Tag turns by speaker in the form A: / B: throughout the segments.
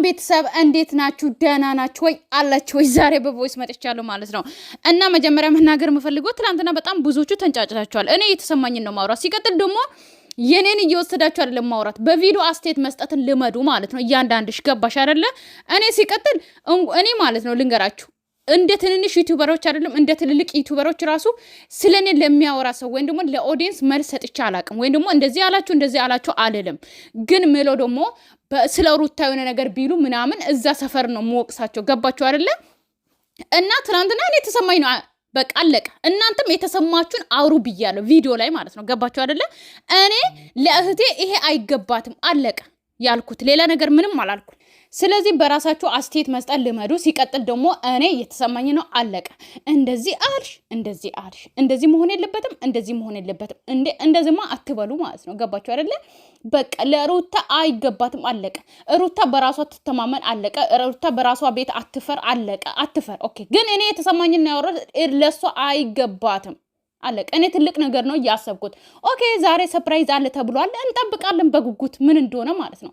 A: ሰላም ቤተሰብ እንዴት ናችሁ? ደህና ናችሁ ወይ? አላችሁ ወይ? ዛሬ በቮይስ መጥቻለሁ ማለት ነው። እና መጀመሪያ መናገር የምፈልገው ትናንትና በጣም ብዙዎቹ ተንጫጭታችኋል። እኔ የተሰማኝን ነው ማውራት። ሲቀጥል ደግሞ የኔን እየወሰዳችሁ አይደለም ማውራት፣ በቪዲዮ አስተያየት መስጠትን ልመዱ ማለት ነው። እያንዳንድሽ ገባሽ አይደለ? እኔ ሲቀጥል እኔ ማለት ነው ልንገራችሁ እንደ ትንንሽ ዩቲዩበሮች አይደለም እንደ ትልልቅ ዩቲዩበሮች ራሱ ስለኔ ለሚያወራ ሰው ወይም ደግሞ ለኦዲየንስ መልስ ሰጥቼ አላቅም። ወይም ደግሞ እንደዚህ አላችሁ እንደዚህ አላችሁ አልልም። ግን ምለው ደግሞ ስለ ሩታ የሆነ ነገር ቢሉ ምናምን እዛ ሰፈር ነው የምወቅሳቸው። ገባችሁ አይደለም? እና ትናንትና እኔ የተሰማኝ ነው በቃ አለቀ። እናንተም የተሰማችሁን አውሩ ብያለሁ፣ ቪዲዮ ላይ ማለት ነው። ገባችሁ አይደለ? እኔ ለእህቴ ይሄ አይገባትም አለቀ ያልኩት፣ ሌላ ነገር ምንም አላልኩም። ስለዚህ በራሳችሁ አስተያየት መስጠት ልመዱ። ሲቀጥል ደግሞ እኔ እየተሰማኝ ነው፣ አለቀ። እንደዚህ አልሽ፣ እንደዚህ አልሽ፣ እንደዚህ መሆን የለበትም፣ እንደዚህ መሆን የለበትም፣ እንደዚህማ አትበሉ ማለት ነው። ገባችሁ አይደለ? በቃ ለሩታ አይገባትም፣ አለቀ። ሩታ በራሷ ትተማመን፣ አለቀ። ሩታ በራሷ ቤት አትፈር፣ አለቀ። አትፈር። ኦኬ። ግን እኔ የተሰማኝ ነው ያወራሁት፣ ለእሷ አይገባትም አለቀ። እኔ ትልቅ ነገር ነው እያሰብኩት። ኦኬ ዛሬ ሰፕራይዝ አለ ተብሏል፣ እንጠብቃለን በጉጉት ምን እንደሆነ ማለት ነው።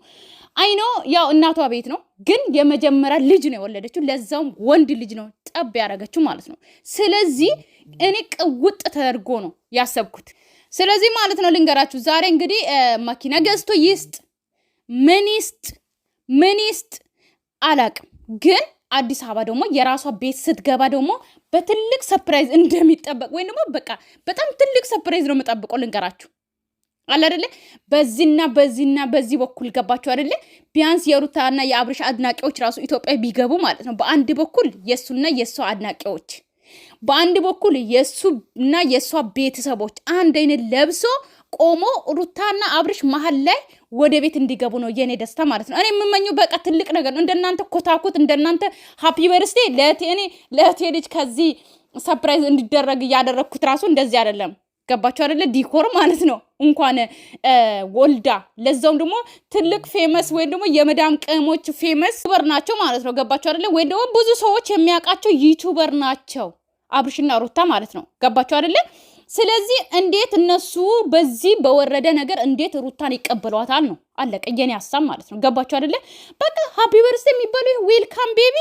A: አይኖ ያው እናቷ ቤት ነው፣ ግን የመጀመሪያ ልጅ ነው የወለደችው። ለዛውም ወንድ ልጅ ነው ጠብ ያደረገችው ማለት ነው። ስለዚህ እኔ ቅውጥ ተደርጎ ነው ያሰብኩት። ስለዚህ ማለት ነው ልንገራችሁ፣ ዛሬ እንግዲህ መኪና ገዝቶ ይስጥ ምን ይስጥ ምን ይስጥ አላቅም፣ ግን አዲስ አበባ ደግሞ የራሷ ቤት ስትገባ ደግሞ በትልቅ ሰፕራይዝ እንደሚጠበቅ ወይም ደግሞ በቃ በጣም ትልቅ ሰፕራይዝ ነው የምጠብቀው ልንገራችሁ። አለ አደለ? በዚህና በዚህና በዚህ በኩል ገባቸው አደለ? ቢያንስ የሩታና የአብርሽ አድናቂዎች ራሱ ኢትዮጵያ ቢገቡ ማለት ነው። በአንድ በኩል የእሱና የእሷ አድናቂዎች፣ በአንድ በኩል የእሱና የእሷ ቤተሰቦች አንድ አይነት ለብሶ ቆሞ ሩታና አብርሽ መሀል ላይ ወደ ቤት እንዲገቡ ነው የኔ ደስታ ማለት ነው። እኔ የምመኘው በቃ ትልቅ ነገር ነው። እንደናንተ ኮታኩት እንደናንተ ሀፒ በርስቴ ለእቴ ልጅ ከዚህ ሰፕራይዝ እንዲደረግ እያደረግኩት ራሱ እንደዚህ አይደለም። ገባችሁ አደለ? ዲኮር ማለት ነው። እንኳን ወልዳ ለዛውም ደግሞ ትልቅ ፌመስ ወይም ደግሞ የመዳም ቅሞች ፌመስ ዩቱበር ናቸው ማለት ነው። ገባችሁ አደለ? ወይም ደግሞ ብዙ ሰዎች የሚያውቃቸው ዩቱበር ናቸው አብርሽና ሩታ ማለት ነው። ገባችሁ አደለ? ስለዚህ እንዴት እነሱ በዚህ በወረደ ነገር እንዴት ሩታን ይቀበሏታል? ነው አለቀ። የኔ ሀሳብ ማለት ነው። ገባችሁ አደለ? በቃ ሀፒ በርስ የሚባሉ ዌልካም ቤቢ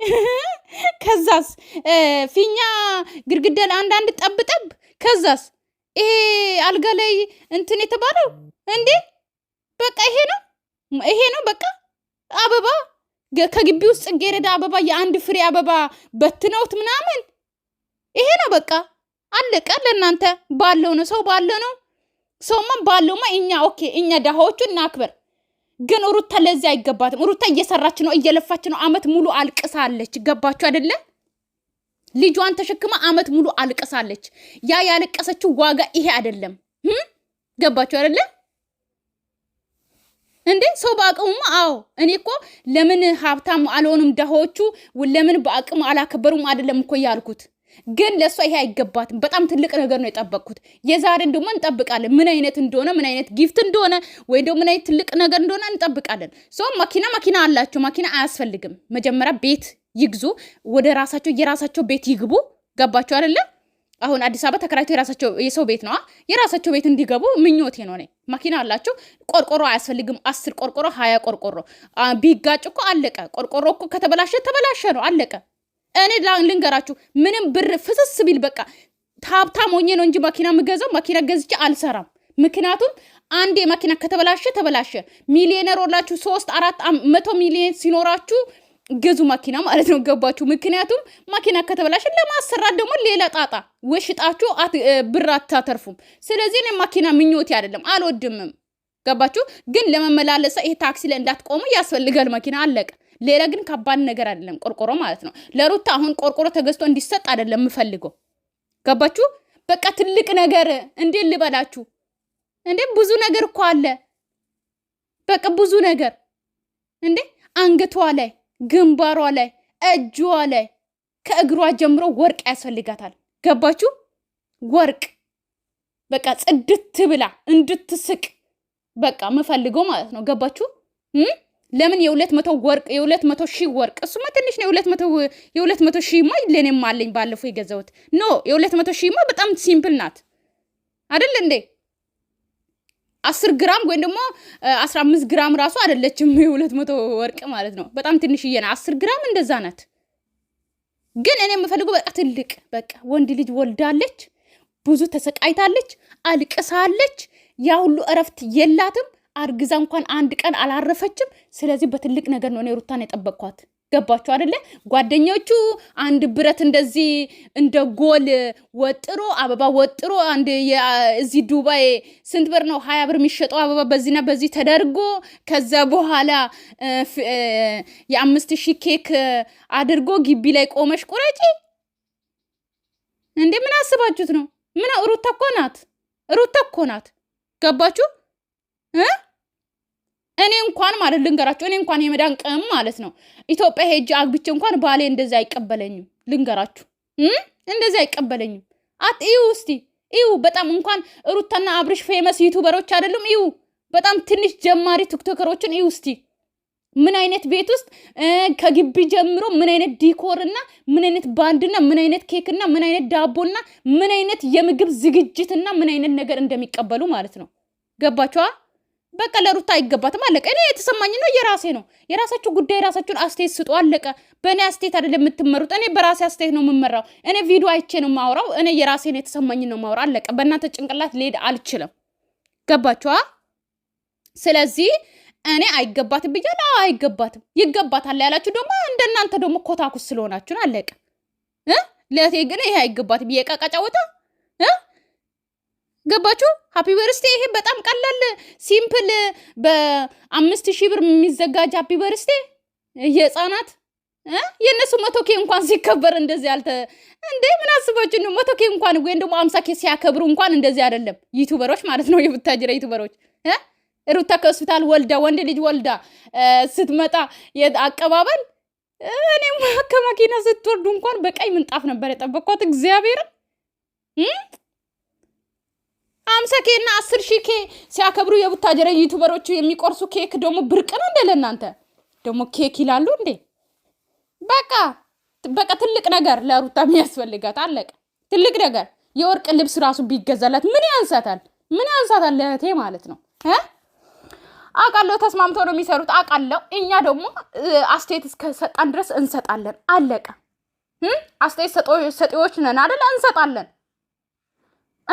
A: ከዛስ ፊኛ ግድግዳ ለአንዳንድ ጠብጠብ ከዛስ ይሄ አልጋ ላይ እንትን የተባለው እንዴ? በቃ ይሄ ነው ይሄ ነው በቃ አበባ ከግቢ ውስጥ ጽጌረዳ አበባ የአንድ ፍሬ አበባ በትነውት ምናምን ይሄ ነው በቃ አለቀ። ለእናንተ ባለው ነው ሰው ባለው ነው ሰውማ ባለውማ እኛ ኦኬ እኛ ደሃዎቹ እናክበር። ግን ሩታ ለዚህ አይገባትም። ሩታ እየሰራች ነው፣ እየለፋች ነው። አመት ሙሉ አልቅሳለች። ገባችሁ አይደለ? ልጇን ተሸክማ አመት ሙሉ አልቀሳለች። ያ ያለቀሰችው ዋጋ ይሄ አይደለም። ገባችሁ አይደለ እንዴ? ሰው በአቅሙማ። አዎ እኔ እኮ ለምን ሀብታም አልሆኑም ድሆቹ ለምን በአቅሙ አላከበሩም አይደለም እኮ ያልኩት ግን ለእሷ ይሄ አይገባትም። በጣም ትልቅ ነገር ነው የጠበቅኩት። የዛሬን ደግሞ እንጠብቃለን፣ ምን አይነት እንደሆነ ምን አይነት ጊፍት እንደሆነ ወይ ደግሞ ምን አይነት ትልቅ ነገር እንደሆነ እንጠብቃለን። ሶ መኪና መኪና አላቸው፣ መኪና አያስፈልግም። መጀመሪያ ቤት ይግዙ፣ ወደ ራሳቸው የራሳቸው ቤት ይግቡ። ገባቸው አይደለ? አሁን አዲስ አበባ ተከራይቶ የራሳቸው የሰው ቤት ነዋ። የራሳቸው ቤት እንዲገቡ ምኞቴ ነው። እኔ መኪና አላቸው፣ ቆርቆሮ አያስፈልግም። አስር ቆርቆሮ፣ ሀያ ቆርቆሮ ቢጋጭ እኮ አለቀ። ቆርቆሮ እኮ ከተበላሸ ተበላሸ ነው አለቀ። እኔ ልንገራችሁ፣ ምንም ብር ፍስስ ቢል በቃ ሀብታም ሆኜ ነው እንጂ መኪና የምገዛው መኪና ገዝቼ አልሰራም። ምክንያቱም አንዴ መኪና ከተበላሸ ተበላሸ። ሚሊዮነር ሆናችሁ ሶስት አራት መቶ ሚሊዮን ሲኖራችሁ ገዙ ማኪና ማለት ነው። ገባችሁ? ምክንያቱም ማኪና ከተበላሽን ለማሰራት ደግሞ ሌላ ጣጣ ወሽጣችሁ ብር አታተርፉም። ስለዚህ እኔ ማኪና ምኞቴ አይደለም፣ አልወድምም። ገባችሁ? ግን ለመመላለሰ ይሄ ታክሲ ላይ እንዳትቆሙ ያስፈልጋል። ማኪና አለቀ። ሌላ ግን ከባድ ነገር አይደለም፣ ቆርቆሮ ማለት ነው። ለሩታ አሁን ቆርቆሮ ተገዝቶ እንዲሰጥ አይደለም የምፈልገው። ገባችሁ? በቃ ትልቅ ነገር እንዴ ልበላችሁ እንዴ! ብዙ ነገር እኮ አለ። በቃ ብዙ ነገር እንዴ አንገቷ ላይ ግንባሯ ላይ እጇ ላይ ከእግሯ ጀምሮ ወርቅ ያስፈልጋታል። ገባችሁ? ወርቅ በቃ ጽድት ብላ እንድትስቅ በቃ ምፈልገው ማለት ነው። ገባችሁ? ለምን የሁለት መቶ ወርቅ የሁለት መቶ ሺህ ወርቅ እሱማ ትንሽ ነው። የሁለት መቶ ሺህማ ለእኔም አለኝ ባለፈው የገዛሁት ኖ የሁለት መቶ ሺህማ በጣም ሲምፕል ናት አደል እንዴ? አስር ግራም ወይም ደግሞ አስራ አምስት ግራም ራሱ አይደለችም። የሁለት መቶ ወርቅ ማለት ነው። በጣም ትንሽዬ ናት። አስር ግራም እንደዛ ናት። ግን እኔ የምፈልገው በቃ ትልቅ በቃ ወንድ ልጅ ወልዳለች፣ ብዙ ተሰቃይታለች፣ አልቅሳለች። ያ ሁሉ እረፍት የላትም። አርግዛ እንኳን አንድ ቀን አላረፈችም። ስለዚህ በትልቅ ነገር ነው እኔ ሩታን የጠበቅኳት። ገባችሁ አደለ? ጓደኞቹ አንድ ብረት እንደዚህ እንደ ጎል ወጥሮ አበባ ወጥሮ አንድ እዚህ ዱባይ ስንት ብር ነው ሀያ ብር የሚሸጠው አበባ በዚህና በዚህ ተደርጎ ከዛ በኋላ የአምስት ሺህ ኬክ አድርጎ ግቢ ላይ ቆመሽ ቁረጪ እንዴ! ምን አስባችሁት ነው? ምን ሩታ እኮ ናት፣ ሩታ እኮ ናት። ገባችሁ? እኔ እንኳን ማለት ልንገራችሁ፣ እኔ እንኳን የመዳን ቅም ማለት ነው ኢትዮጵያ ሄጅ አግብቼ እንኳን ባሌ እንደዚ አይቀበለኝም። ልንገራችሁ፣ እንደዚ አይቀበለኝም። አት ይው እስቲ ይው በጣም እንኳን ሩታና አብርሽ ፌመስ ዩቱበሮች አይደሉም። ይው በጣም ትንሽ ጀማሪ ቲክቶከሮችን ይው እስቲ ምን አይነት ቤት ውስጥ ከግቢ ጀምሮ ምን አይነት ዲኮር እና ምን አይነት ባንድና ምን አይነት ኬክና ምን አይነት ዳቦና ምን አይነት የምግብ ዝግጅትና ምን አይነት ነገር እንደሚቀበሉ ማለት ነው። ገባችኋል? በቃ ለሩታ አይገባትም። አለቀ። እኔ የተሰማኝ ነው የራሴ ነው። የራሳችሁ ጉዳይ የራሳችሁን አስተያየት ስጡ። አለቀ። በእኔ አስተያየት አይደለም የምትመሩት። እኔ በራሴ አስተያየት ነው የምመራው። እኔ ቪዲዮ አይቼ ነው ማውራው። እኔ የራሴን የተሰማኝ ነው ማውራ። አለቀ። በእናንተ ጭንቅላት ልሄድ አልችልም። ገባችኋ? ስለዚህ እኔ አይገባትም ብያለሁ። አይገባትም። ይገባታል ያላችሁ ደግሞ እንደናንተ ደግሞ ኮታኩስ ስለሆናችሁን አለቀ። ለቴ ግን ይሄ አይገባትም። የቀቃጫ ቦታ ገባችሁ? ሀፒ በርስቴ ይሄ በጣም ቀላል ሲምፕል፣ በአምስት ሺህ ብር የሚዘጋጅ ሀፒ በርስቴ የህፃናት የእነሱ መቶ ኬ እንኳን ሲከበር እንደዚህ አልተ እንዴ ምን አስባችሁ ነው? መቶ ኬ እንኳን ወይም ደግሞ አምሳ ኬ ሲያከብሩ እንኳን እንደዚህ አይደለም። ዩቱበሮች ማለት ነው፣ የቡታጅራ ዩቱበሮች ሩታ ከሆስፒታል ወልዳ ወንድ ልጅ ወልዳ ስትመጣ አቀባበል እኔም ከመኪና ስትወርዱ እንኳን በቀይ ምንጣፍ ነበር የጠበኳት እግዚአብሔርን ሀምሳ ኬ እና አስር ሺህ ኬ ሲያከብሩ የቡታጀረ ዩቱበሮቹ የሚቆርሱ ኬክ ደግሞ ብርቅ ነው እንደ ለእናንተ ደግሞ ኬክ ይላሉ እንዴ? በቃ በቃ ትልቅ ነገር ለሩታ የሚያስፈልጋት አለቀ። ትልቅ ነገር የወርቅ ልብስ ራሱ ቢገዛላት ምን ያንሳታል? ምን ያንሳታል? ለእቴ ማለት ነው አውቃለሁ። ተስማምተው ነው የሚሰሩት አውቃለሁ። እኛ ደግሞ አስተያየት እስከሰጣን ድረስ እንሰጣለን። አለቀ። አስተያየት ሰጪዎች ነን አደለ? እንሰጣለን፣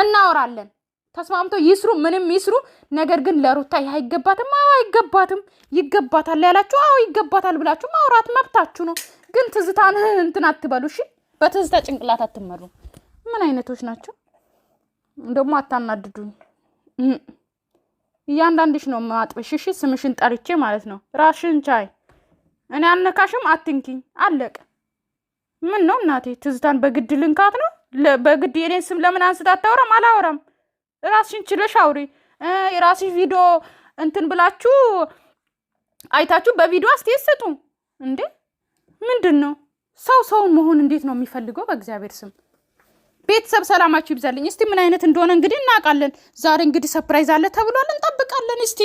A: እናወራለን። ተስማምተው ይስሩ፣ ምንም ይስሩ። ነገር ግን ለሩታ ይህ አይገባትም። አዎ አይገባትም። ይገባታል ያላችሁ አዎ ይገባታል ብላችሁ ማውራት መብታችሁ ነው። ግን ትዝታን እንትን አትበሉ እሺ። በትዝታ ጭንቅላት አትመሩ። ምን አይነቶች ናቸው? እንደውም አታናድዱኝ። እያንዳንድሽ ነው ማጥበሽ። እሺ ስምሽን ጠርቼ ማለት ነው። ራሽን ቻይ። እኔ አልነካሽም፣ አትንኪኝ። አለቀ። ምን ነው እናቴ፣ ትዝታን በግድ ልንካት ነው? በግድ የኔን ስም ለምን አንስታ አታወራም? አላወራም ራስሽን ችለሽ አውሪ። የራስሽ ቪዲዮ እንትን ብላችሁ አይታችሁ በቪዲዮ አስተያየት ስጡ እንዴ! ምንድን ነው ሰው ሰውን መሆን እንዴት ነው የሚፈልገው? በእግዚአብሔር ስም ቤተሰብ ሰላማችሁ ይብዛልኝ። እስቲ ምን አይነት እንደሆነ እንግዲህ እናውቃለን። ዛሬ እንግዲህ ሰፕራይዝ አለ ተብሏል፣ እንጠብቃለን እስቲ